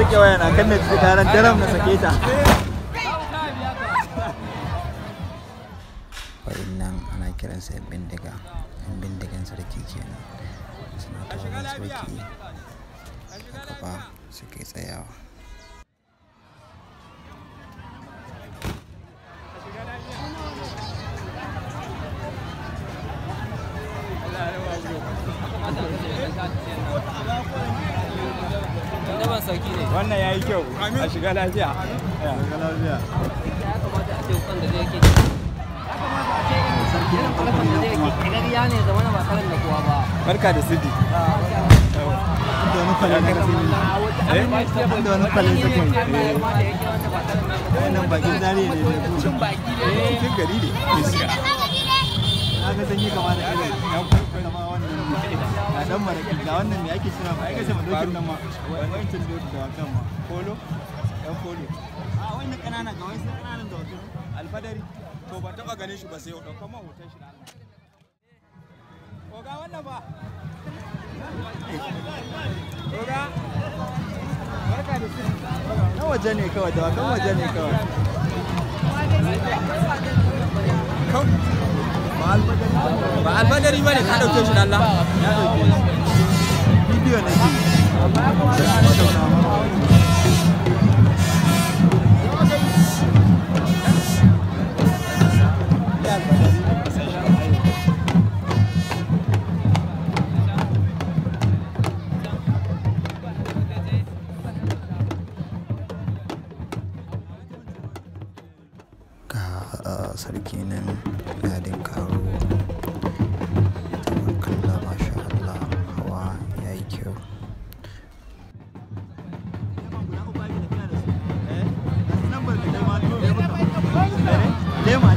rike waya na kan na ji karan daram na sake ta wa'innan ana kiran sa bindiga yan bindigan sarki kenan suna ta sarki a gaba suke tsayawa sarki ne wannan ya yi kyau a shiga lafiya lafiya ya kamata a ce kwan da zai ya kamata a ce irin da zai ne zama na da kowa ba barka da sidi ah, da Ɗan maraƙi ga wannan me ake kira ma sama dokin nan ma da ma a ga da alfadari to ba ganin shi ba sai man hoton shi da ko ga wannan ba ko ga barka da na waje ne kawai waje ne kawai ba ba ne ka ɗauke shi Allah ah, ya ɗauke shi bidiyo ne sarki nan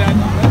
that.